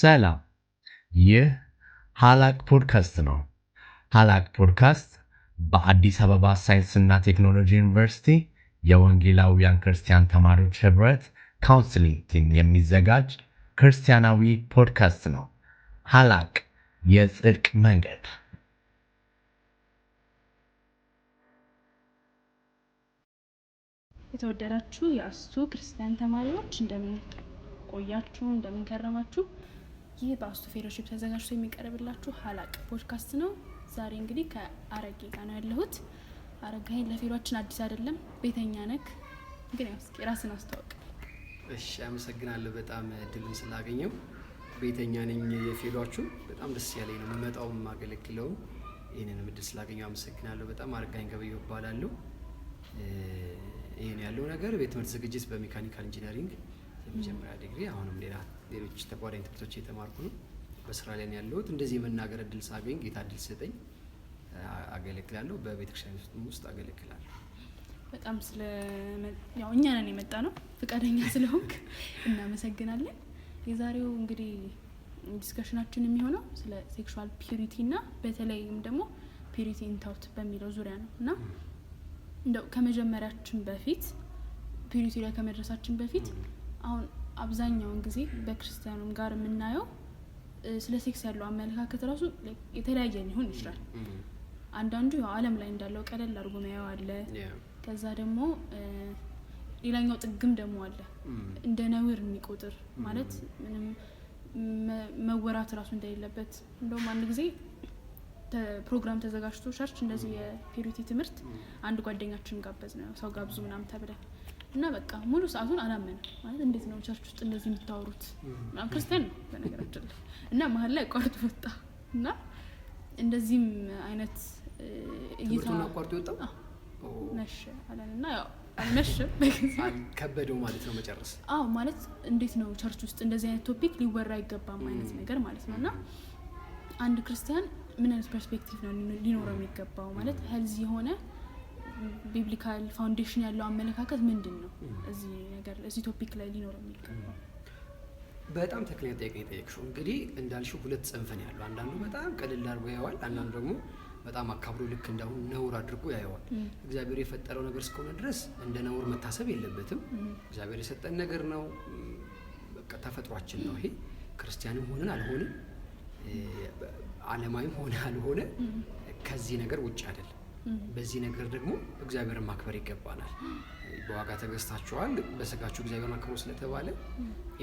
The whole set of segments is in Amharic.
ሰላም! ይህ ሀላቅ ፖድካስት ነው። ሀላቅ ፖድካስት በአዲስ አበባ ሳይንስና ቴክኖሎጂ ዩኒቨርሲቲ የወንጌላውያን ክርስቲያን ተማሪዎች ህብረት ካውንስሊንግ ቲም የሚዘጋጅ ክርስቲያናዊ ፖድካስት ነው። ሀላቅ የጽድቅ መንገድ የተወደዳችሁ የአስቱ ክርስቲያን ተማሪዎች እንደምን ቆያችሁ? እንደምን ከረማችሁ? ይህ በአስቱ ፌሎሺፕ ተዘጋጅቶ የሚቀርብላችሁ ሀላቅ ፖድካስት ነው። ዛሬ እንግዲህ ከአረጌ ጋር ነው ያለሁት። አረጋይን ለፌሏችን አዲስ አይደለም፣ ቤተኛ ነክ ግን ያው እስኪ ራስን አስተዋውቅ። እሺ፣ አመሰግናለሁ በጣም እድልን ስላገኘው። ቤተኛ ነኝ የፌሏችሁ። በጣም ደስ ያለኝ ነው መመጣው የማገለግለው። ይህንን እድል ስላገኘው አመሰግናለሁ በጣም። አረጋኝ ገበየሁ እባላለሁ። ይህን ያለው ነገር ቤት ትምህርት ዝግጅት በሜካኒካል ኢንጂነሪንግ የመጀመሪያ ዲግሪ አሁንም ሌላ ሌሎች ተጓዳኝ ትምህርቶች የተማርኩ ነው። በስራ ላይ ያለሁት። እንደዚህ የመናገር እድል ሳገኝ ጌታ እድል ሲሰጠኝ አገለግላለሁ። በቤተክርስቲያን ውስጥ አገለግላለሁ። በጣም ስለ ያው እኛ ነን የመጣ ነው ፈቃደኛ ስለሆንክ እናመሰግናለን። የዛሬው እንግዲህ ዲስከሽናችን የሚሆነው ስለ ሴክሹዋል ፒሪቲ እና በተለይም ደግሞ ፒሪቲ ኢንታውት በሚለው ዙሪያ ነው እና እንደው ከመጀመሪያችን በፊት ፒሪቲ ላይ ከመድረሳችን በፊት አሁን አብዛኛውን ጊዜ በክርስቲያኑም ጋር የምናየው ስለ ሴክስ ያለው አመለካከት ራሱ የተለያየ ሊሆን ይችላል። አንዳንዱ ያው ዓለም ላይ እንዳለው ቀለል አድርጎ መያው አለ። ከዛ ደግሞ ሌላኛው ጥግም ደግሞ አለ እንደ ነውር የሚቆጥር ማለት ምንም መወራት እራሱ እንደሌለበት እንደውም አንድ ጊዜ ፕሮግራም ተዘጋጅቶ ቸርች እንደዚህ የፒሪቲ ትምህርት አንድ ጓደኛችን ጋበዝ ነው ሰው ጋብዙ ምናምን ተብለን እና በቃ ሙሉ ሰዓቱን አላመነ ማለት እንዴት ነው ቸርች ውስጥ እንደዚህ የምታወሩት? ክርስቲያን ነው በነገራችን ላይ እና መሀል ላይ አቋርጦ ወጣ እና እንደዚህም አይነት እይታ አቋርጦ ወጣ መሸ አለን እና ያው ከበደው ማለት ነው መጨረስ። አዎ ማለት እንዴት ነው ቸርች ውስጥ እንደዚህ አይነት ቶፒክ ሊወራ አይገባም አይነት ነገር ማለት ነው እና አንድ ክርስቲያን ምን አይነት ፐርስፔክቲቭ ነው ሊኖረው የሚገባው ማለት ሄልዚ የሆነ ቢብሊካል ፋውንዴሽን ያለው አመለካከት ምንድን ነው? እዚህ ነገር እዚህ ቶፒክ ላይ ሊኖር የሚገባ በጣም ተክለኛ ጠየቅ የጠየቅሽው እንግዲህ እንዳልሽው ሁለት ጽንፍን ያለው አንዳንዱ በጣም ቀልል አድርጎ ያየዋል፣ አንዳንዱ ደግሞ በጣም አካብሮ ልክ እንዳሁን ነውር አድርጎ ያየዋል። እግዚአብሔር የፈጠረው ነገር እስከሆነ ድረስ እንደ ነውር መታሰብ የለበትም። እግዚአብሔር የሰጠን ነገር ነው፣ ተፈጥሯችን ነው። ይሄ ክርስቲያንም ሆነን አልሆነ አለማዊም ሆነ አልሆነ ከዚህ ነገር ውጭ አይደለም። በዚህ ነገር ደግሞ እግዚአብሔርን ማክበር ይገባናል። በዋጋ ተገዝታችኋል፣ በስጋችሁ እግዚአብሔርን አክብሩ ስለተባለ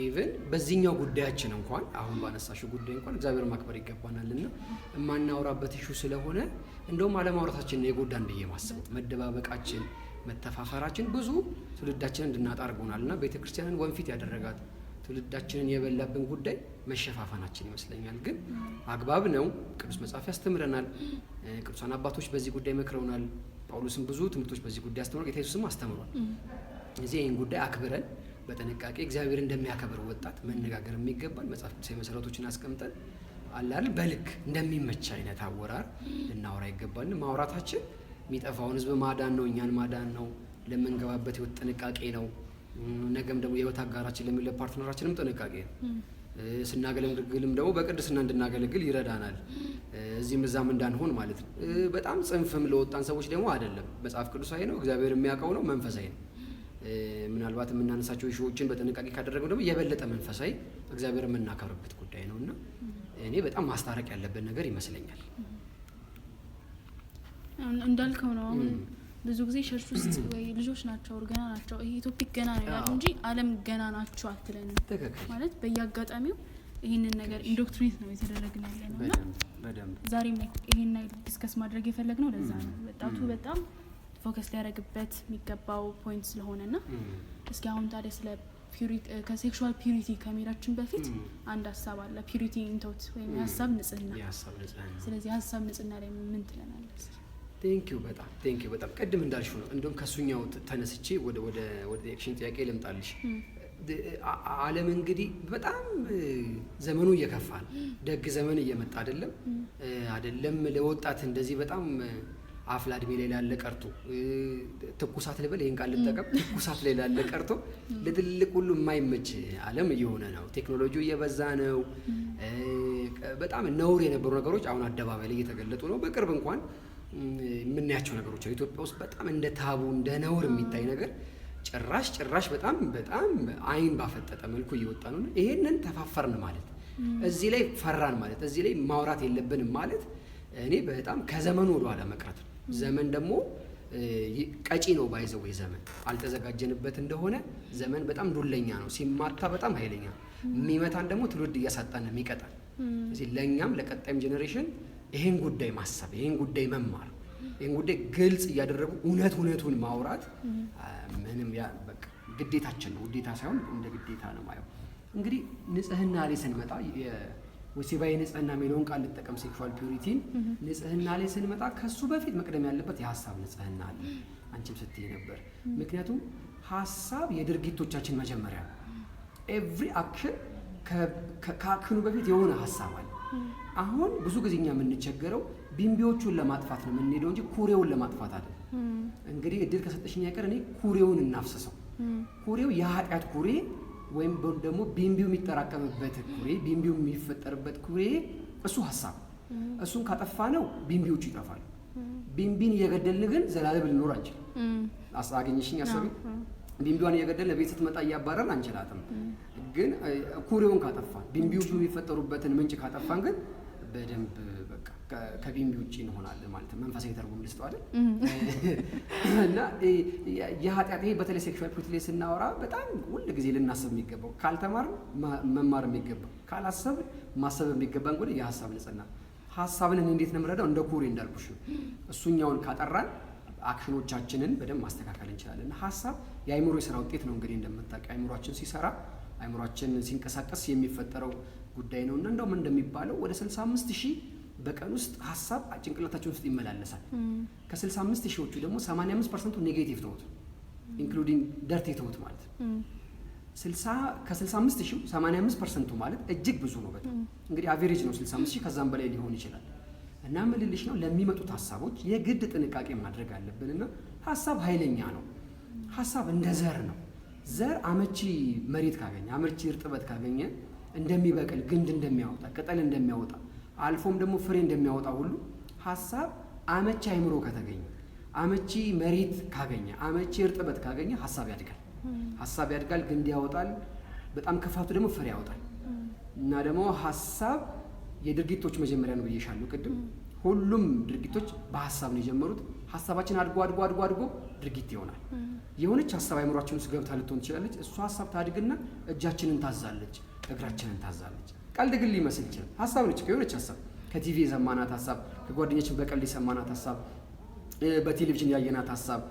ኢቨን በዚህኛው ጉዳያችን እንኳን አሁን ባነሳሽ ጉዳይ እንኳን እግዚአብሔር ማክበር ይገባናል እና የማናወራበት ሹ ስለሆነ እንደውም አለማውራታችን የጎዳን ብዬ ማስበው መደባበቃችን፣ መተፋፈራችን ብዙ ትውልዳችንን እንድናጣ አድርጎናል እና ቤተክርስቲያንን ወንፊት ያደረጋት ትውልዳችንን የበላብን ጉዳይ መሸፋፈናችን ይመስለኛል። ግን አግባብ ነው። ቅዱስ መጽሐፍ ያስተምረናል። ቅዱሳን አባቶች በዚህ ጉዳይ መክረውናል። ጳውሎስም ብዙ ትምህርቶች በዚህ ጉዳይ አስተምሯል። ጌታ ኢየሱስም አስተምሯል። እዚህ ይህን ጉዳይ አክብረን በጥንቃቄ እግዚአብሔር እንደሚያከብር ወጣት መነጋገር የሚገባል። መጽሐፍ ቅዱሳዊ መሰረቶችን አስቀምጠን አላል በልክ እንደሚመች አይነት አወራር ልናወራ ይገባል። ማውራታችን የሚጠፋውን ህዝብ ማዳን ነው፣ እኛን ማዳን ነው፣ ለምንገባበት ህይወት ጥንቃቄ ነው። ነገም ደግሞ የህይወት አጋራችን ለሚለ ፓርትነራችንም ጥንቃቄ ነው። ስናገለግልም ደግሞ በቅድስና እንድናገለግል ይረዳናል። እዚህም እዛም እንዳንሆን ማለት ነው። በጣም ጽንፍም ለወጣን ሰዎች ደግሞ አይደለም። መጽሐፍ ቅዱሳዊ ነው፣ እግዚአብሔር የሚያውቀው ነው፣ መንፈሳዊ ነው። ምናልባት የምናነሳቸው ሺዎችን በጥንቃቄ ካደረገው ደግሞ የበለጠ መንፈሳዊ እግዚአብሔር የምናከብርበት ጉዳይ ነው እና እኔ በጣም ማስታረቅ ያለብን ነገር ይመስለኛል እንዳልከው ነው አሁን ብዙ ጊዜ ሸርች ውስጥ ወይ ልጆች ናቸው ገና ናቸው፣ ይሄ ቶፒክ ገና ነው ይላሉ እንጂ አለም ገና ናቸው አትለን። ማለት በየአጋጣሚው ይህንን ነገር ኢንዶክትሪኔት ነው የተደረግን ያለ ነው እና ዛሬም ይሄን ዲስከስ ማድረግ የፈለግ ነው ለዛ ነው። ወጣቱ በጣም ፎከስ ሊያደረግበት የሚገባው ፖይንት ስለሆነ ና እስኪ አሁን ታዲያ ስለ ከሴክሹዋል ፒሪቲ ከመሄዳችን በፊት አንድ ሀሳብ አለ። ፒሪቲ ኢንቶት ወይም የሀሳብ ንጽህና። ስለዚህ ሀሳብ ንጽህና ላይ ምን ትለናለህ? ቴንኪዩ በጣም ቴንኪዩ በጣም ቅድም እንዳልሽ ነው። እንደውም ከሱኛው ተነስቼ ወደ ወደ ወደ ኤክሽን ጥያቄ ልምጣልሽ። ዓለም እንግዲህ በጣም ዘመኑ እየከፋ ነው። ደግ ዘመን እየመጣ አይደለም አይደለም ለወጣት እንደዚህ በጣም አፍላ እድሜ ላይ ላለ ቀርቶ ትኩሳት ልበል ይህን ቃል ልጠቀም፣ ትኩሳት ላይ ላለ ቀርቶ ለትልቅ ሁሉ የማይመች ዓለም እየሆነ ነው። ቴክኖሎጂው እየበዛ ነው። በጣም ነውር የነበሩ ነገሮች አሁን አደባባይ ላይ እየተገለጡ ነው። በቅርብ እንኳን የምናያቸው ነገሮች አሉ። ኢትዮጵያ ውስጥ በጣም እንደ ታቡ እንደ ነውር የሚታይ ነገር ጭራሽ ጭራሽ በጣም በጣም አይን ባፈጠጠ መልኩ እየወጣ ነው። ይሄንን ተፋፈርን ማለት እዚህ ላይ ፈራን ማለት እዚህ ላይ ማውራት የለብንም ማለት እኔ በጣም ከዘመኑ ወደኋላ መቅረት ነው። ዘመን ደግሞ ቀጪ ነው። ባይዘው ዘመን አልተዘጋጀንበት እንደሆነ ዘመን በጣም ዱለኛ ነው። ሲማታ በጣም ኃይለኛ ነው። የሚመታን ደግሞ ትውልድ እያሳጣን ነው የሚቀጣን። ለእኛም ለቀጣይም ጄኔሬሽን ይህን ጉዳይ ማሰብ፣ ይሄን ጉዳይ መማር፣ ይሄን ጉዳይ ግልጽ እያደረጉ እውነት እውነቱን ማውራት ምንም ግዴታችን ነው። ግዴታ ሳይሆን እንደ ግዴታ ነው ማየው። እንግዲህ ንጽህና ላይ ስንመጣ ወሲባዊ ንጽህና የሚለውን ቃል ልጠቀም፣ ሴክሹዋል ፒዩሪቲን ንጽህና ላይ ስንመጣ ከሱ በፊት መቅደም ያለበት የሀሳብ ንጽህና አለ። አንቺም ስትይ ነበር። ምክንያቱም ሀሳብ የድርጊቶቻችን መጀመሪያ ኤቭሪ አክሽን ከአክኑ በፊት የሆነ ሀሳብ አለ። አሁን ብዙ ጊዜ እኛ የምንቸገረው ቢንቢዎቹን ለማጥፋት ነው የምንሄደው እንጂ ኩሬውን ለማጥፋት አይደል። እንግዲህ እድል ከሰጠሽኝ አይቀር እኔ ኩሬውን እናፍስሰው። ኩሬው የኃጢአት ኩሬ ወይም ደግሞ ቢንቢው የሚጠራቀምበት ኩሬ፣ ቢንቢው የሚፈጠርበት ኩሬ እሱ ሀሳብ እሱን ካጠፋ ነው ቢንቢዎቹ ይጠፋሉ። ቢንቢን እየገደልን ግን ዘላለም ልኖር አንችልም። አገኘሽኝ አሰቢ ቢንቢዋን እየገደልን ለቤት ስትመጣ እያባረር አንችላትም። ግን ኩሬውን ካጠፋን ቢንቢዎቹ የሚፈጠሩበትን ምንጭ ካጠፋን ግን በደንብ ከቢምቢ ውጭ እንሆናለን ማለት ነው። መንፈሳዊ ተርጉም ልስጠው አይደል? እና የኃጢአት ይሄ በተለይ ሴክሹዋል ፒዩሪቲ ላይ ስናወራ በጣም ሁል ጊዜ ልናስብ የሚገባው ካልተማር መማር የሚገባ ካላሰብን ማሰብ የሚገባ እንግዲህ የሀሳብ ንጽህና ሀሳብን እንዴት ነው የምረዳው? እንደ ኩሬ እንዳልኩሽ እሱኛውን ካጠራን አክሽኖቻችንን በደንብ ማስተካከል እንችላለን። እና ሀሳብ የአይምሮ የስራ ውጤት ነው። እንግዲህ እንደምታውቂው አይምሯችን ሲሰራ አይምሯችን ሲንቀሳቀስ የሚፈጠረው ጉዳይ ነው እና እንደውም እንደሚባለው ወደ 65 ሺህ በቀን ውስጥ ሀሳብ ጭንቅላታችን ውስጥ ይመላለሳል። ከ65 ሺዎቹ ደግሞ 85 ፐርሰንቱ ኔጌቲቭ ተውት ኢንክሉዲንግ ደርቲ ተውት ማለት ከ65 ሺው 85 ፐርሰንቱ ማለት እጅግ ብዙ ነው። በጣም እንግዲህ አቬሬጅ ነው 65 ሺህ ከዛም በላይ ሊሆን ይችላል። እና ምልልሽ ነው ለሚመጡት ሀሳቦች የግድ ጥንቃቄ ማድረግ አለብን። እና ሀሳብ ኃይለኛ ነው። ሀሳብ እንደ ዘር ነው። ዘር አመቺ መሬት ካገኘ አመቺ እርጥበት ካገኘ እንደሚበቅል ግንድ እንደሚያወጣ ቅጠል እንደሚያወጣ አልፎም ደግሞ ፍሬ እንደሚያወጣ ሁሉ ሀሳብ አመቺ አይምሮ ከተገኘ አመቺ መሬት ካገኘ አመቺ እርጥበት ካገኘ ሀሳብ ያድጋል። ሀሳብ ያድጋል፣ ግንድ ያወጣል። በጣም ክፋቱ ደግሞ ፍሬ ያወጣል። እና ደግሞ ሀሳብ የድርጊቶች መጀመሪያ ነው ብዬሻለሁ ቅድም። ሁሉም ድርጊቶች በሀሳብ ነው የጀመሩት። ሀሳባችን አድጎ አድጎ አድጎ አድጎ ድርጊት ይሆናል። የሆነች ሀሳብ አይምሯችን ውስጥ ገብታ ልትሆን ትችላለች። እሷ ሀሳብ ታድግና እጃችንን ታዛለች። እግራችንን ታዛለች። ቀልድ ግን ሊመስል ይችላል። ሀሳብ ነች፣ የሆነች ሀሳብ ከቲቪ የሰማናት ሀሳብ፣ ከጓደኞችን በቀልድ የሰማናት ሀሳብ፣ በቴሌቪዥን ያየናት ሀሳብ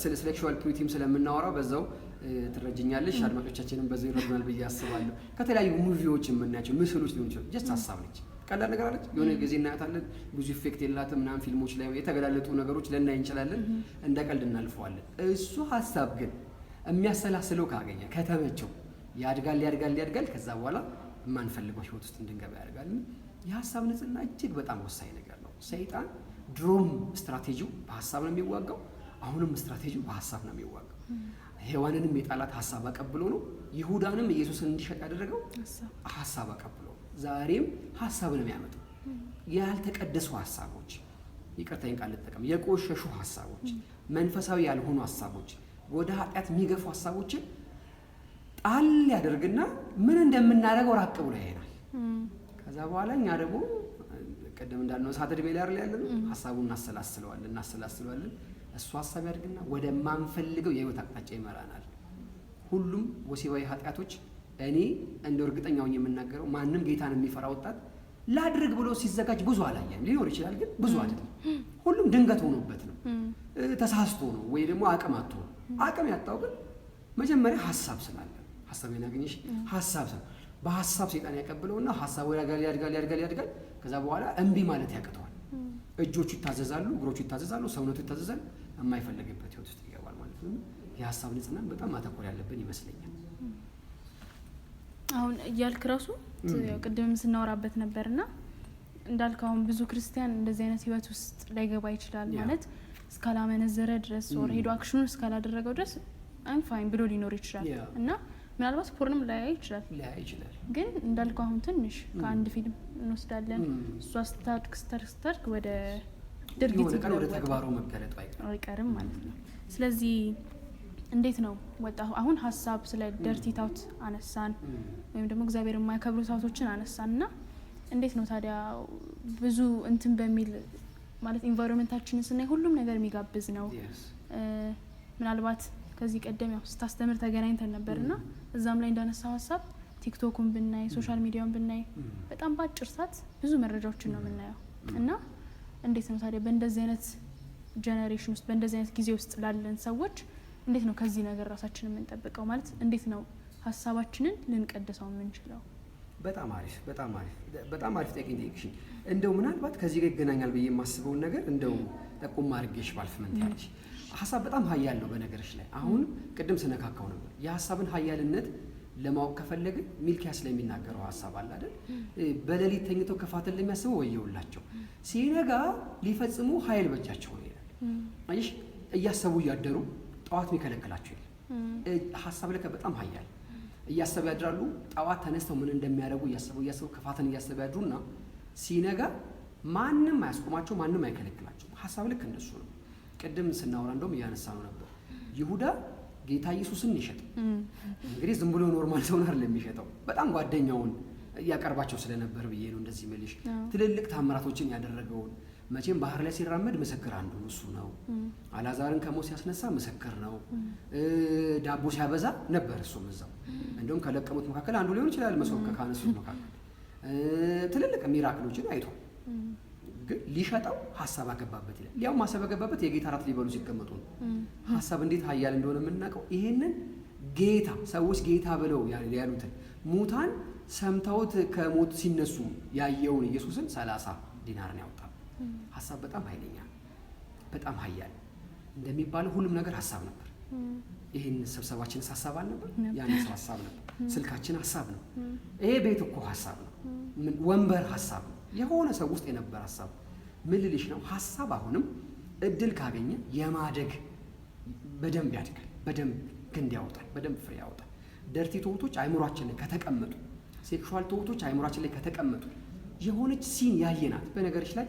ስለ ሴክሹዋል ፒዩሪቲም ስለምናወራው በዛው ትረጅኛለች፣ አድማጮቻችንም በዛው ይረዱናል ብዬ አስባለሁ። ከተለያዩ ሙቪዎች የምናያቸው ምስሎች ሊሆን ይችላል። ጀስት ሀሳብ ነች፣ ቀላል ነገር አለች። የሆነ ጊዜ እናያታለን፣ ብዙ ኢፌክት የላትም ምናምን። ፊልሞች ላይ የተገላለጡ ነገሮች ልናይ እንችላለን፣ እንደ ቀልድ እናልፈዋለን። እሱ ሀሳብ ግን የሚያሰላስለው ካገኘ ከተመቸው ያድጋል ያድጋል ያድጋል። ከዛ በኋላ የማንፈልገው ህይወት ውስጥ እንድንገባ ያደርጋል። የሀሳብ ንጽህና እጅግ በጣም ወሳኝ ነገር ነው። ሰይጣን ድሮም ስትራቴጂው በሀሳብ ነው የሚዋጋው፣ አሁንም ስትራቴጂው በሀሳብ ነው የሚዋጋው። ሔዋንንም የጣላት ሀሳብ አቀብሎ ነው። ይሁዳንም ኢየሱስን እንዲሸጥ ያደረገው ሀሳብ አቀብሎ፣ ዛሬም ሀሳብ ነው የሚያመጡ ያልተቀደሱ ሀሳቦች፣ ይቅርታዬን ቃል ልጠቀም፣ የቆሸሹ ሀሳቦች፣ መንፈሳዊ ያልሆኑ ሀሳቦች፣ ወደ ኃጢአት የሚገፉ ሀሳቦችን ጣል ያደርግና ምን እንደምናደርገው ራቅ ብሎ ይሄዳል። ከዛ በኋላ እኛ ደግሞ ቅድም እንዳልነው እሳት ዕድሜ ላይ ያለ ነው ሀሳቡን እናሰላስለዋለን እናሰላስለዋለን። እሱ ሀሳብ ያደርግና ወደማንፈልገው የህይወት አቅጣጫ ይመራናል። ሁሉም ወሲባዊ ኃጢአቶች እኔ እንደ እርግጠኛውን የምናገረው ማንም ጌታን የሚፈራ ወጣት ላድርግ ብሎ ሲዘጋጅ ብዙ አላየም። ሊኖር ይችላል ግን ብዙ አይደለም። ሁሉም ድንገት ሆኖበት ነው፣ ተሳስቶ ነው፣ ወይ ደግሞ አቅም አጥቶ ነው። አቅም ያጣው ግን መጀመሪያ ሀሳብ ስላለ ሀሳቤን አገኘሽ። ሀሳብ ሰ በሀሳብ ሴጣን ያቀብለውና ሀሳቡ ያድጋል ያድጋል ያድጋል ያድጋል። ከዛ በኋላ እምቢ ማለት ያቅተዋል። እጆቹ ይታዘዛሉ፣ እግሮቹ ይታዘዛሉ፣ ሰውነቱ ይታዘዛል። የማይፈለግበት ህይወት ውስጥ ይገባል ማለት ነው። የሀሳብ ንጽህናን በጣም ማተኮር ያለብን ይመስለኛል። አሁን እያልክ ራሱ ቅድምም ስናወራበት ነበርና እንዳልክ አሁን ብዙ ክርስቲያን እንደዚህ አይነት ህይወት ውስጥ ላይገባ ይችላል ማለት እስካላመነዘረ ድረስ ሄዶ አክሽኑን እስካላደረገው ድረስ አይም ፋይን ብሎ ሊኖር ይችላል እና ምናልባት ፖርንም ላያ ይችላል ላያይ ይችላል። ግን እንዳልኩ አሁን ትንሽ ከአንድ ፊልም እንወስዳለን። እሷ ስታድግ ስታድግ ስታድግ ወደ ድርጊት ወደ ተግባሩ መገለጡ አይቀርም ማለት ነው። ስለዚህ እንዴት ነው ወጣ አሁን ሀሳብ ስለ ደርቲ ታውት አነሳን፣ ወይም ደግሞ እግዚአብሔር የማያከብሩ ታውቶችን አነሳን እና እንዴት ነው ታዲያ ብዙ እንትን በሚል ማለት ኢንቫይሮንመንታችንን ስናይ ሁሉም ነገር የሚጋብዝ ነው ምናልባት ከዚህ ቀደም ያው ስታስተምር ተገናኝተን ነበር ና እዛም ላይ እንዳነሳው ሀሳብ ቲክቶኩን ብናይ ሶሻል ሚዲያውን ብናይ በጣም በአጭር ሰዓት ብዙ መረጃዎችን ነው የምናየው እና እንዴት ነው ታዲያ በእንደዚህ አይነት ጀኔሬሽን ውስጥ በእንደዚህ አይነት ጊዜ ውስጥ ላለን ሰዎች እንዴት ነው ከዚህ ነገር ራሳችን የምንጠብቀው? ማለት እንዴት ነው ሀሳባችንን ልንቀድሰው የምንችለው? በጣም አሪፍ በጣም አሪፍ በጣም አሪፍ ጠቂ ጠቂሽ እንደው ምናልባት ከዚህ ጋር ይገናኛል ብዬ የማስበውን ነገር እንደው ጠቁም አድርጌሽ ባልፍ መንታለች ሀሳብ በጣም ሀያል ነው። በነገሮች ላይ አሁን ቅድም ስነካካው ነበር። የሀሳብን ሀያልነት ለማወቅ ከፈለግን ሚልኪያስ ስለሚናገረው ሀሳብ አለ አይደል? በሌሊት ተኝተው ክፋትን ለሚያስበው ወየውላቸው፣ ሲነጋ ሊፈጽሙ ኃይል በጃቸው ነው ይላል። አይሽ እያሰቡ እያደሩ ጠዋት የሚከለክላቸው ይላል። ሀሳብ ለከ በጣም ሀያል እያሰቡ ያድራሉ። ጠዋት ተነስተው ምን እንደሚያደርጉ እያሰቡ እያሰቡ ክፋትን እያሰቡ ያድሩና ሲነጋ ማንም አያስቆማቸው፣ ማንም አይከለክላቸው። ሀሳብ ልክ እንደሱ ነው። ቅድም ስናወራ እንደውም እያነሳ ነው ነበር ይሁዳ ጌታ ኢየሱስን ይሸጥ እንግዲህ ዝም ብሎ ኖርማል ሰውን አይደለም የሚሸጠው። በጣም ጓደኛውን እያቀርባቸው ስለነበር ብዬ ነው እንደዚህ መልሽ። ትልልቅ ታምራቶችን ያደረገውን መቼም ባህር ላይ ሲራመድ ምስክር አንዱ እሱ ነው። አላዛርን ከሞት ሲያስነሳ ምስክር ነው። ዳቦ ሲያበዛ ነበር እሱም እዛው። እንደውም ከለቀሙት መካከል አንዱ ሊሆን ይችላል፣ መሶብ መካከል ትልልቅ ሚራክሎችን አይቷል። ግን ሊሸጠው ሀሳብ አገባበት ይላል። ሊያውም ሀሳብ አገባበት የጌታ እራት ሊበሉ ሲቀመጡ ነው። ሀሳብ እንዴት ኃያል እንደሆነ የምናውቀው ይሄንን ጌታ ሰዎች ጌታ ብለው ያሉትን ሙታን ሰምተውት ከሞት ሲነሱ ያየውን ኢየሱስን ሰላሳ ዲናር ነው ያወጣው። ሀሳብ በጣም ኃይለኛ በጣም ኃያል እንደሚባለው ሁሉም ነገር ሀሳብ ነበር። ይህን ስብሰባችንስ ሀሳብ አልነበር? ያነሰው ሀሳብ ነበር። ስልካችን ሀሳብ ነው። ይሄ ቤት እኮ ሀሳብ ነው። ወንበር ሀሳብ ነው። የሆነ ሰው ውስጥ የነበረ ሀሳብ ምን ልልሽ ነው? ሀሳብ አሁንም እድል ካገኘ የማደግ በደንብ ያድጋል፣ በደንብ ግንድ ያወጣል፣ በደንብ ፍሬ ያወጣል። ደርቲ ትሁቶች አይምሯችን ላይ ከተቀመጡ፣ ሴክሹዋል ትሁቶች አይምሯችን ላይ ከተቀመጡ የሆነች ሲን ያየናት በነገሮች ላይ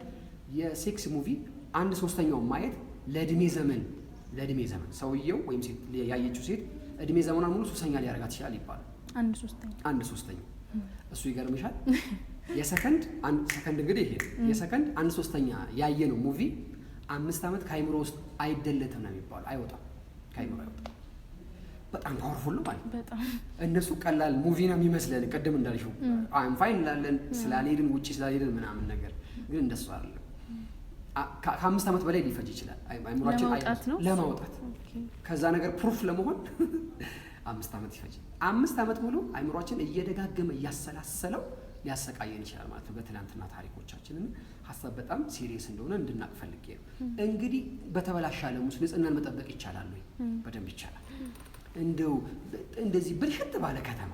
የሴክስ ሙቪ አንድ ሶስተኛው ማየት ለእድሜ ዘመን ለእድሜ ዘመን ሰውየው ወይም ሴት ያየችው ሴት እድሜ ዘመኗን ሙሉ ሶስተኛ ሊያደርጋት ይችላል ይባላል። አንድ ሶስተኛ አንድ ሶስተኛ እሱ ይገርምሻል። የሰከንድ አንድ ሰከንድ እንግዲህ ይሄ የሰከንድ አንድ ሶስተኛ ያየ ነው ሙቪ አምስት ዓመት ከአይምሮ ውስጥ አይደለትም ነው የሚባለው። አይወጣም ከአይምሮ አይወጣም። በጣም ፓወርፉል ነው ማለት ነው። እነሱ ቀላል ሙቪ ነው የሚመስለን። ቅድም እንዳልሽው አይም ፋይን እንላለን ስላልሄድን ውጭ ስላልሄድን ምናምን ነገር ግን እንደሱ አይደለም። ከአምስት ዓመት በላይ ሊፈጅ ይችላል አይምሮአችን ለማውጣት ከዛ ነገር ፕሩፍ ለመሆን አምስት ዓመት ይፈጅ። አምስት ዓመት ሙሉ አይምሮአችን እየደጋገመ እያሰላሰለው ሊያሰቃየን ይችላል ማለት ነው። በትናንትና ታሪኮቻችንን ሀሳብ በጣም ሲሪየስ እንደሆነ እንድናቅ ፈልጌ ነው። እንግዲህ በተበላሸ ዓለም ውስጥ ንጽህናን መጠበቅ ይቻላል ወይ? በደንብ ይቻላል። እንደው እንደዚህ ብልሽት ባለ ከተማ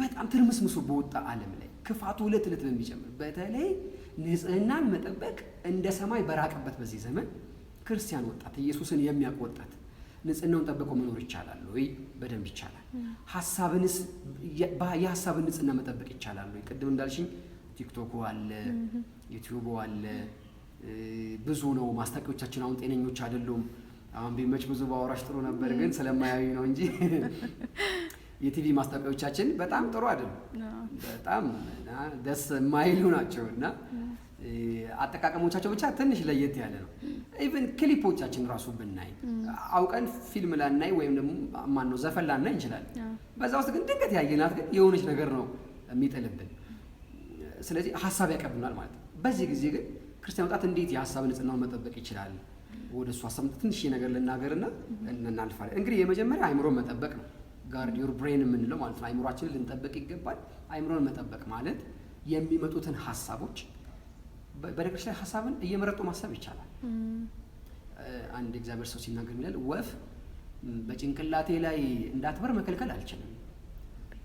በጣም ትርምስምሶ በወጣ ዓለም ላይ ክፋቱ ሁለት ዕለት በሚጨምር በተለይ ንጽህናን መጠበቅ እንደ ሰማይ በራቀበት በዚህ ዘመን ክርስቲያን ወጣት ኢየሱስን የሚያውቅ ወጣት ንጽህናውን ጠብቆ መኖር ይቻላል ወይ? በደንብ ይቻላል። ሀሳብንስ የሀሳብን ንጽህና መጠበቅ ይቻላል ወይ? ቅድም እንዳልሽኝ ቲክቶኩ አለ፣ ዩቲዩቡ አለ፣ ብዙ ነው። ማስታወቂያዎቻችን አሁን ጤነኞች አይደሉም። አሁን ቢመች ብዙ በአውራሽ ጥሩ ነበር፣ ግን ስለማያዩ ነው እንጂ የቲቪ ማስታወቂያዎቻችን በጣም ጥሩ አይደሉም። በጣም ደስ የማይሉ ናቸው እና አጠቃቀሞቻቸው ብቻ ትንሽ ለየት ያለ ነው። ኢቨን ክሊፖቻችን ራሱ ብናይ አውቀን ፊልም ላናይ ወይም ደግሞ ነው ዘፈን ላናይ እንችላለን። በዛ ውስጥ ግን ድንገት ያየናት ግን የሆነች ነገር ነው የሚጥልብን። ስለዚህ ሀሳብ ያቀርብናል ማለት ነው። በዚህ ጊዜ ግን ክርስቲያን ወጣት እንዴት የሀሳብ ንጽህናውን መጠበቅ ይችላል? ወደ እሱ ሀሳብ ትንሽ ነገር ልናገርና እናልፋለን። እንግዲህ የመጀመሪያ አይምሮን መጠበቅ ነው። ጋርድ ዮር ብሬን የምንለው ማለት ነው። አይምሮችንን ልንጠብቅ ይገባል። አይምሮን መጠበቅ ማለት የሚመጡትን ሀሳቦች በነገሮች ላይ ሀሳብን እየመረጡ ማሰብ ይቻላል። አንድ እግዚአብሔር ሰው ሲናገር የሚላል ወፍ በጭንቅላቴ ላይ እንዳትበር መከልከል አልችልም፣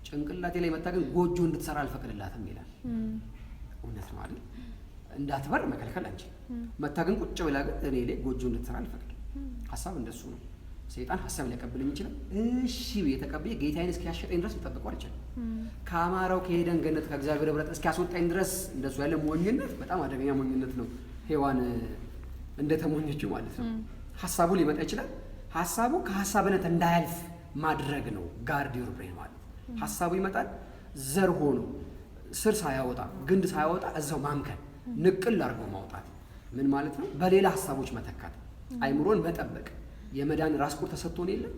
ጭንቅላቴ ላይ መታ ግን ጎጆ እንድትሰራ አልፈቅድላትም ይላል። እውነት ነው አይደል? እንዳትበር መከልከል አንችልም፣ መታ ግን ቁጭ ብላ ግን እኔ ላይ ጎጆ እንድትሰራ አልፈቅድም። ሀሳብ እንደሱ ነው። ሰይጣን ሀሳብ ሊያቀብልኝ ይችላል። እሺ የተቀበየ ጌታዬን እስኪያሸጠኝ ድረስ ልጠብቀው አልችልም። ከአማራው ከሄደን ገነት ከእግዚአብሔር ህብረት እስኪያስወጣኝ ድረስ እንደሱ ያለ ሞኝነት በጣም አደገኛ ሞኝነት ነው። ሔዋን እንደተሞኘችው ማለት ነው። ሀሳቡ ሊመጣ ይችላል። ሀሳቡ ከሀሳብነት እንዳያልፍ ማድረግ ነው። ጋርድ ዮር ብሬን ማለት ሀሳቡ ይመጣል። ዘር ሆኖ ስር ሳያወጣ ግንድ ሳያወጣ እዛው ማምከን፣ ንቅል አድርጎ ማውጣት ምን ማለት ነው? በሌላ ሀሳቦች መተካት፣ አይምሮን መጠበቅ የመዳን ራስ ቁር ተሰጥቶን የለም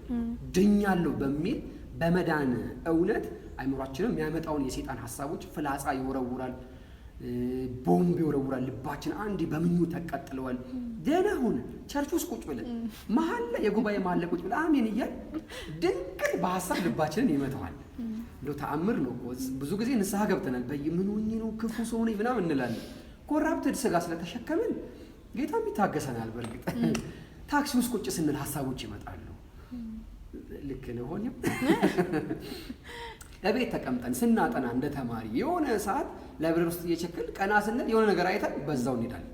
ድኛለሁ በሚል በመዳን እውነት አይምሯችንም የሚያመጣውን የሴጣን ሀሳቦች ፍላጻ ይወረውራል፣ ቦምብ ይወረውራል። ልባችን አንድ በምኙ ተቀጥለዋል። ደህና ሁን ቸርች ውስጥ ቁጭ ብለን መሀል ላይ የጉባኤ መሀል ላይ ቁጭ ብለን አሜን እያል ድንቅል በሀሳብ ልባችንን ይመተዋል። እንደው ተአምር ነው። ብዙ ጊዜ ንስሐ ገብተናል። በምን ሆኜ ነው ክፉ ሰው ነኝ ምናምን እንላለን። ኮራፕትድ ስጋ ስለተሸከምን ጌታም ይታገሰናል በእርግጥ ታክሲ ውስጥ ቁጭ ስንል ሀሳቦች ይመጣሉ። ልክ ልሆንም እቤት ተቀምጠን ስናጠና እንደ ተማሪ የሆነ ሰዓት ላይብረሪ ውስጥ እየቸክል ቀና ስንል የሆነ ነገር አይተን በዛው እንሄዳለን።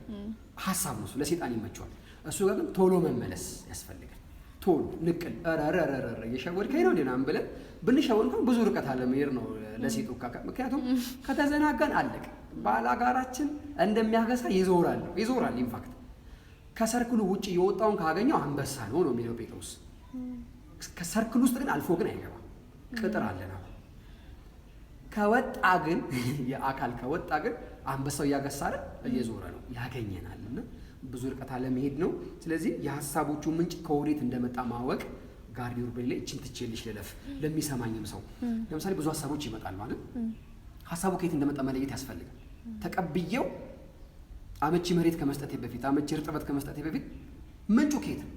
ሀሳብ ነው ለሴጣን ይመቸዋል። እሱ ጋር ግን ቶሎ መመለስ ያስፈልጋል። ቶሎ ንቅል ረረረረ እየሸወድከኝ ነው ሌናም ብለን ብንሸወድ ግን ብዙ ርቀት አለመሄድ ነው ለሴጡ ምክንያቱም ከተዘናጋን አለቅ ባላጋራችን እንደሚያገሳ ይዞራል ይዞራል ኢንፋክት ከሰርክሉ ውጭ የወጣውን ካገኘው አንበሳ ነው ነው የሚለው ጴጥሮስ። ከሰርክል ውስጥ ግን አልፎ ግን አይገባም። ቅጥር አለን። ከወጣ ግን የአካል ከወጣ ግን አንበሳው እያገሳረ እየዞረ ነው ያገኘናል። እና ብዙ ርቀት አለመሄድ ነው። ስለዚህ የሀሳቦቹ ምንጭ ከወዴት እንደመጣ ማወቅ ጋር ቢወር በሌላ እችን ትችልሽ ልለፍ ለሚሰማኝም ሰው ለምሳሌ ብዙ ሀሳቦች ይመጣል ማለት ሀሳቡ ከየት እንደመጣ መለየት ያስፈልጋል። ተቀብየው አመቺ መሬት ከመስጠቴ በፊት አመቺ እርጥበት ከመስጠቴ በፊት ምንጩ ከየት አሉ።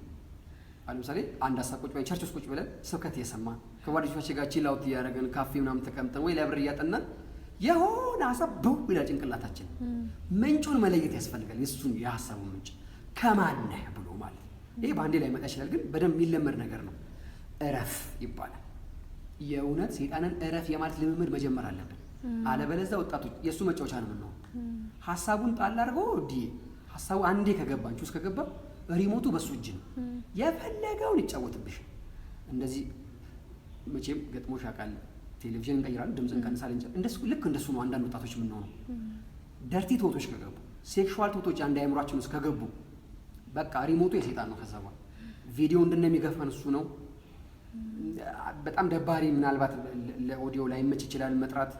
ለምሳሌ አንድ ሀሳብ ቁጭ ብለን ቸርች ውስጥ ቁጭ ብለን ስብከት እየሰማን ከጓደኞቻችን ጋር ቺል አውት እያደረግን ካፌ ምናምን ተቀምጠን ወይ ላይብረሪ እያጠናን የሆነ ሀሳብ በው ይላል ጭንቅላታችን። ምንጩን መለየት ያስፈልጋል። የእሱን የሀሳቡን ምንጭ ከማን ብሎ ማለት ይሄ በአንዴ ላይ መጣ ይችላል፣ ግን በደንብ የሚለመድ ነገር ነው። እረፍ ይባላል። የእውነት ሴጣንን እረፍ የማለት ልምምድ መጀመር አለብን። አለበለዚያ ወጣቶች የእሱ መጫወቻ ነው የምንሆን ሀሳቡን ጣል አድርጎ ዲ ሀሳቡ አንዴ ከገባ አንቺ ውስጥ ከገባ ሪሞቱ በሱ እጅ ነው። የፈለገውን ይጫወትብሽ። እንደዚህ መቼም ገጥሞሽ ያውቃል። ቴሌቪዥን እንቀይራለን፣ ድምፅ እንቀንሳለን። እንደሱ ልክ እንደሱ ነው አንዳንድ ወጣቶች ምን ሆነው ደርቲ ቶቶች ከገቡ ሴክሹዋል ቶቶች አንድ አእምሯችን ውስጥ ከገቡ በቃ ሪሞቱ የሴጣን ነው። ከዛ በኋላ ቪዲዮ እንደሚገፋን እሱ ነው። በጣም ደባሪ ምናልባት ለኦዲዮ ላይ መች ይችላል መጥራት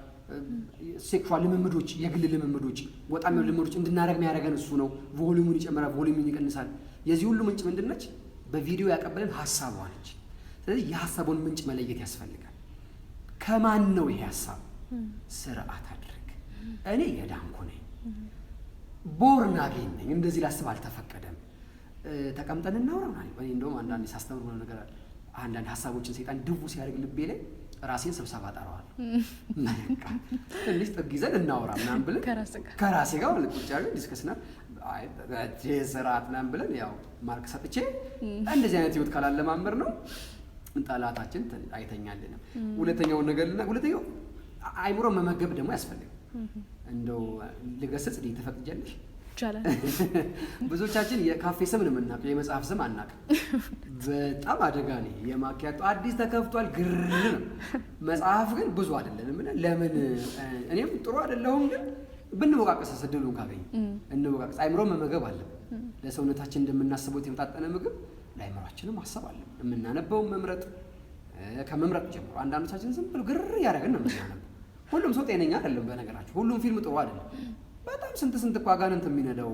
ሴክሹዋል ልምምዶች፣ የግል ልምምዶች፣ ወጣ ልምዶች ልምምዶች እንድናደረግ የሚያደረገን እሱ ነው። ቮሊዩሙን ይጨምራል፣ ቮሊሙን ይቀንሳል። የዚህ ሁሉ ምንጭ ምንድነች በቪዲዮ ያቀበለን ሀሳቧ ነች። ስለዚህ የሀሳቡን ምንጭ መለየት ያስፈልጋል። ከማን ነው ይሄ ሀሳብ? ስርዓት አድርግ። እኔ የዳንኩ ነኝ፣ ቦርን አገኝ ነኝ፣ እንደዚህ ላስብ አልተፈቀደም። ተቀምጠን እናውራ። እኔ እንደውም አንዳንድ ሳስተምር ነገር አንዳንድ ሀሳቦችን ሴጣን ድቡ ሲያደርግ ልቤ ላይ ራሴን ስብሰባ ጠራዋል። ትንሽ ጥግ ይዘን እናውራ ምናምን ብለን ከራሴ ጋር ልቁጫ ቁጭ ያለን ዲስከስና ስርዓት ምናምን ብለን ያው ማርክ ሰጥቼ እንደዚህ አይነት ህይወት ካላለማመር ነው ጠላታችን አይተኛልንም። ሁለተኛውን ነገር ሁለተኛው አይምሮ መመገብ ደግሞ ያስፈልግ እንደው ልገሰጽ ልኝ ትፈቅጃለሽ? ይቻላል። ብዙዎቻችን የካፌ ስም ነው የምናውቀው፣ የመጽሐፍ ስም አናውቅም። በጣም አደጋ ነው። የማኪያቶ አዲስ ተከፍቷል ግር ነው። መጽሐፍ ግን ብዙ አይደለንም። ለምን እኔም ጥሩ አይደለሁም፣ ግን ብንወቃቀስ ስድሉን ካገኝ እንወቃቀስ። አይምሮ መመገብ አለ። ለሰውነታችን እንደምናስበው የመጣጠነ ምግብ ለአይምሯችንም ማሰብ አለ። የምናነበውን መምረጥ ከመምረጥ ጀምሮ አንዳንዶቻችን ዝም ብሎ ግር ያደረገን ነው የምናነበው። ሁሉም ሰው ጤነኛ አይደለም። በነገራችሁ ሁሉም ፊልም ጥሩ አይደለም። በጣም ስንት ስንት እኮ አጋንንት የሚነዳው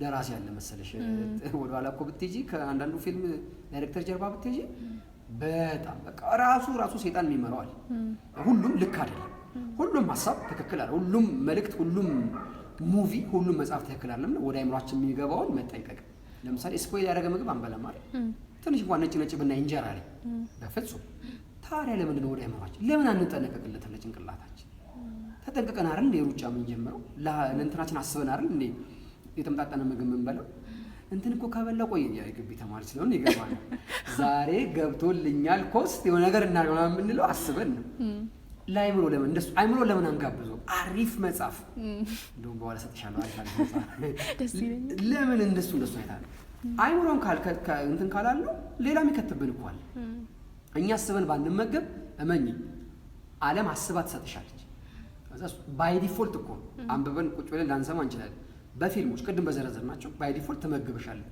ደራሲ ያለ መሰለሽ። ወደኋላ እኮ ብትሄጂ ከአንዳንዱ ፊልም ዳይሬክተር ጀርባ ብትሄጂ በጣም በቃ ራሱ ራሱ ሴጣን የሚመራዋል። ሁሉም ልክ አይደለም። ሁሉም ሀሳብ ትክክል አለ። ሁሉም መልእክት፣ ሁሉም ሙቪ፣ ሁሉም መጽሐፍ ትክክል አለም። ወደ አይምሯችን የሚገባውን መጠንቀቅ። ለምሳሌ ስፖይል ያደረገ ምግብ አንበላም አይደል? ትንሽ እንኳን ነጭ ነጭ ብናይ እንጀራ ላይ በፍጹም። ታዲያ ለምንድን ነው ወደ አይምሯችን ለምን አንጠነቀቅለታለን ጭንቅላታችን ተጠንቀቀን አይደል እንደ ሩጫ የምንጀምረው ለእንትናችን አስበን አይደል እንደ የተመጣጠነ ምግብ የምንበላው እንትን እኮ ከበላ ቆይ ግቢ ተማሪ ስለሆነ ይገባል። ዛሬ ገብቶልኛል ኮስት የሆነ ነገር እናርገና የምንለው አስበን ነው። ለአይምሮ ለምን እንደሱ አይምሮ ለምን አንጋብዞ አሪፍ መጽሐፍ እንደውም በኋላ ሰጥሻለሁ። አሪፍ አሪፍ መጽሐፍ ለምን እንደሱ እንደሱ አይታ አይምሮን እንትን ካላለው ሌላ የሚከትብን እኮ አለ። እኛ አስበን ባንመገብ እመኝ ዓለም አስባ ትሰጥሻለች። ባይ ዲፎልት እኮ አንብበን ቁጭ ብለን ላንሰማ እንችላለን። በፊልሞች ቅድም በዘረዘር ናቸው ባይ ዲፎልት ተመግበሻለን።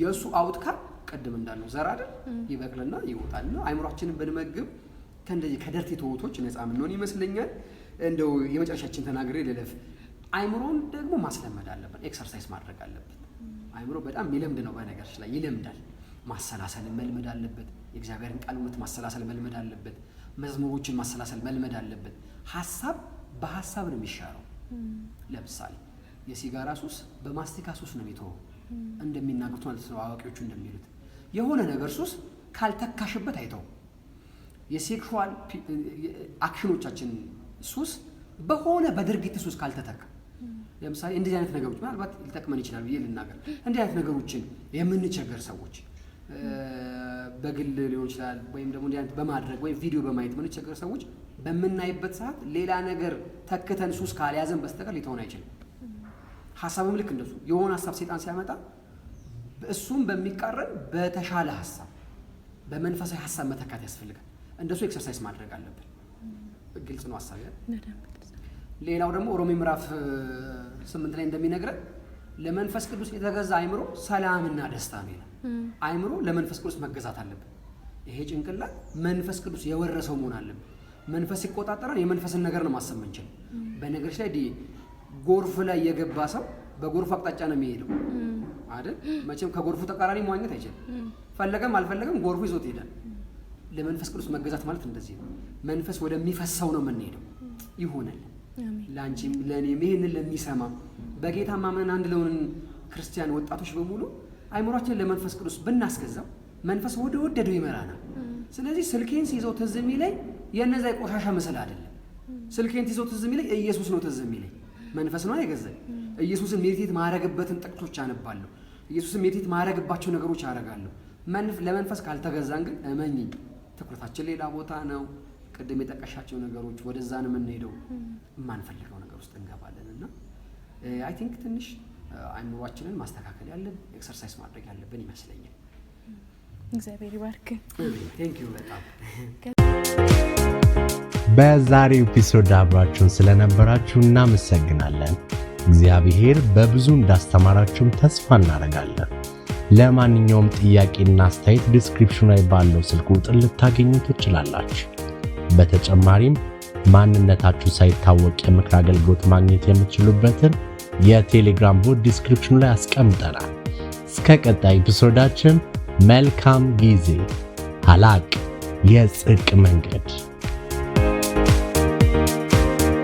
የእሱ አውትካም ቅድም እንዳልነው ዘር አይደል ይበቅልና ይወጣልና አይምሯችንን ብንመግብ ከእንደዚህ ከደርቲ ትውቶች ነፃ ምንሆን ይመስለኛል። እንደው የመጨረሻችን ተናግሬ ልለፍ። አይምሮን ደግሞ ማስለመድ አለብን፣ ኤክሰርሳይዝ ማድረግ አለብን። አይምሮ በጣም ይለምድ ነው፣ በነገሮች ላይ ይለምዳል። ማሰላሰል መልመድ አለበት። የእግዚአብሔርን ቃል እውነት ማሰላሰል መልመድ አለበት። መዝሙሮችን ማሰላሰል መልመድ አለበት። ሀሳብ በሀሳብ ነው የሚሻረው። ለምሳሌ የሲጋራ ሱስ በማስቲካ ሱስ ነው የሚተወው እንደሚናገሩት ማለት ነው። አዋቂዎቹ እንደሚሉት የሆነ ነገር ሱስ ካልተካሽበት አይተው። የሴክሹዋል አክሽኖቻችን ሱስ በሆነ በድርጊት ሱስ ካልተተካ፣ ለምሳሌ እንደዚህ አይነት ነገሮች ምናልባት ሊጠቅመን ይችላል ብዬ ልናገር። እንዲህ አይነት ነገሮችን የምንቸገር ሰዎች በግል ሊሆን ይችላል ወይም ደግሞ እንዲህ በማድረግ ወይም ቪዲዮ በማየት የምንቸገር ሰዎች በምናይበት ሰዓት ሌላ ነገር ተክተን ሱስ ካልያዘን በስተቀር ሊተውን አይችልም። ሀሳብም ልክ እንደሱ የሆነ ሀሳብ ሴጣን ሲያመጣ እሱም በሚቃረን በተሻለ ሀሳብ በመንፈሳዊ ሀሳብ መተካት ያስፈልጋል። እንደሱ ኤክሰርሳይዝ ማድረግ አለብን። ግልጽ ነው ሀሳብ። ሌላው ደግሞ ሮሜ ምዕራፍ ስምንት ላይ እንደሚነግረን ለመንፈስ ቅዱስ የተገዛ አይምሮ ሰላምና ደስታ ነው ይላል። አይምሮ ለመንፈስ ቅዱስ መገዛት አለብን። ይሄ ጭንቅላት መንፈስ ቅዱስ የወረሰው መሆን አለብን። መንፈስ ሲቆጣጠረን የመንፈስን ነገር ነው ማሰብ ምንችል። በነገሮች ላይ ጎርፍ ላይ የገባ ሰው በጎርፍ አቅጣጫ ነው የሚሄደው አይደል? መቼም ከጎርፉ ተቃራኒ መዋኘት አይችልም። ፈለገም አልፈለገም ጎርፉ ይዞት ይሄዳል። ለመንፈስ ቅዱስ መገዛት ማለት እንደዚህ ነው። መንፈስ ወደሚፈሰው ነው የምንሄደው። ይሆናል ለአንቺም ለእኔም ይህንን ለሚሰማ በጌታ ማመን አንድ ለሆንን ክርስቲያን ወጣቶች በሙሉ አይምሯችን ለመንፈስ ቅዱስ ብናስገዛው መንፈስ ወደ ወደደው ይመራናል። ስለዚህ ስልኬን ሲይዘው ትዝ የሚለኝ የነዛ የቆሻሻ ምስል አይደለም። ስልኬን ሲይዘው ትዝ የሚለኝ ኢየሱስ ነው። ትዝ የሚለኝ መንፈስ ነው የገዛኝ። ኢየሱስን ሜዲቴት ማረግበትን ጥቅቶች አነባለሁ። ኢየሱስን ሜዲቴት ማረግባቸው ነገሮች አረጋለሁ። ለመንፈስ ካልተገዛን ግን እመኝኝ ትኩረታችን ሌላ ቦታ ነው። ቅድም የጠቀሻቸው ነገሮች ወደዛን የምንሄደው የማንፈልገው ነገር ውስጥ እንገባለን እና አይ ቲንክ ትንሽ አይምሯችንን ማስተካከል ያለብን ኤክሰርሳይዝ ማድረግ ያለብን ይመስለኛል። እግዚአብሔር ይባርክ። ዩ በጣም በዛሬው ኤፒሶድ አብራችሁን ስለነበራችሁ እናመሰግናለን። እግዚአብሔር በብዙ እንዳስተማራችሁም ተስፋ እናደርጋለን። ለማንኛውም ጥያቄና አስተያየት ዲስክሪፕሽን ላይ ባለው ስልክ ቁጥር ልታገኙ ትችላላችሁ። በተጨማሪም ማንነታችሁ ሳይታወቅ የምክር አገልግሎት ማግኘት የምትችሉበትን የቴሌግራም ቦት ዲስክሪፕሽኑ ላይ አስቀምጠናል። እስከ ቀጣይ ኤፒሶዳችን መልካም ጊዜ። ሀላቅ የጽድቅ መንገድ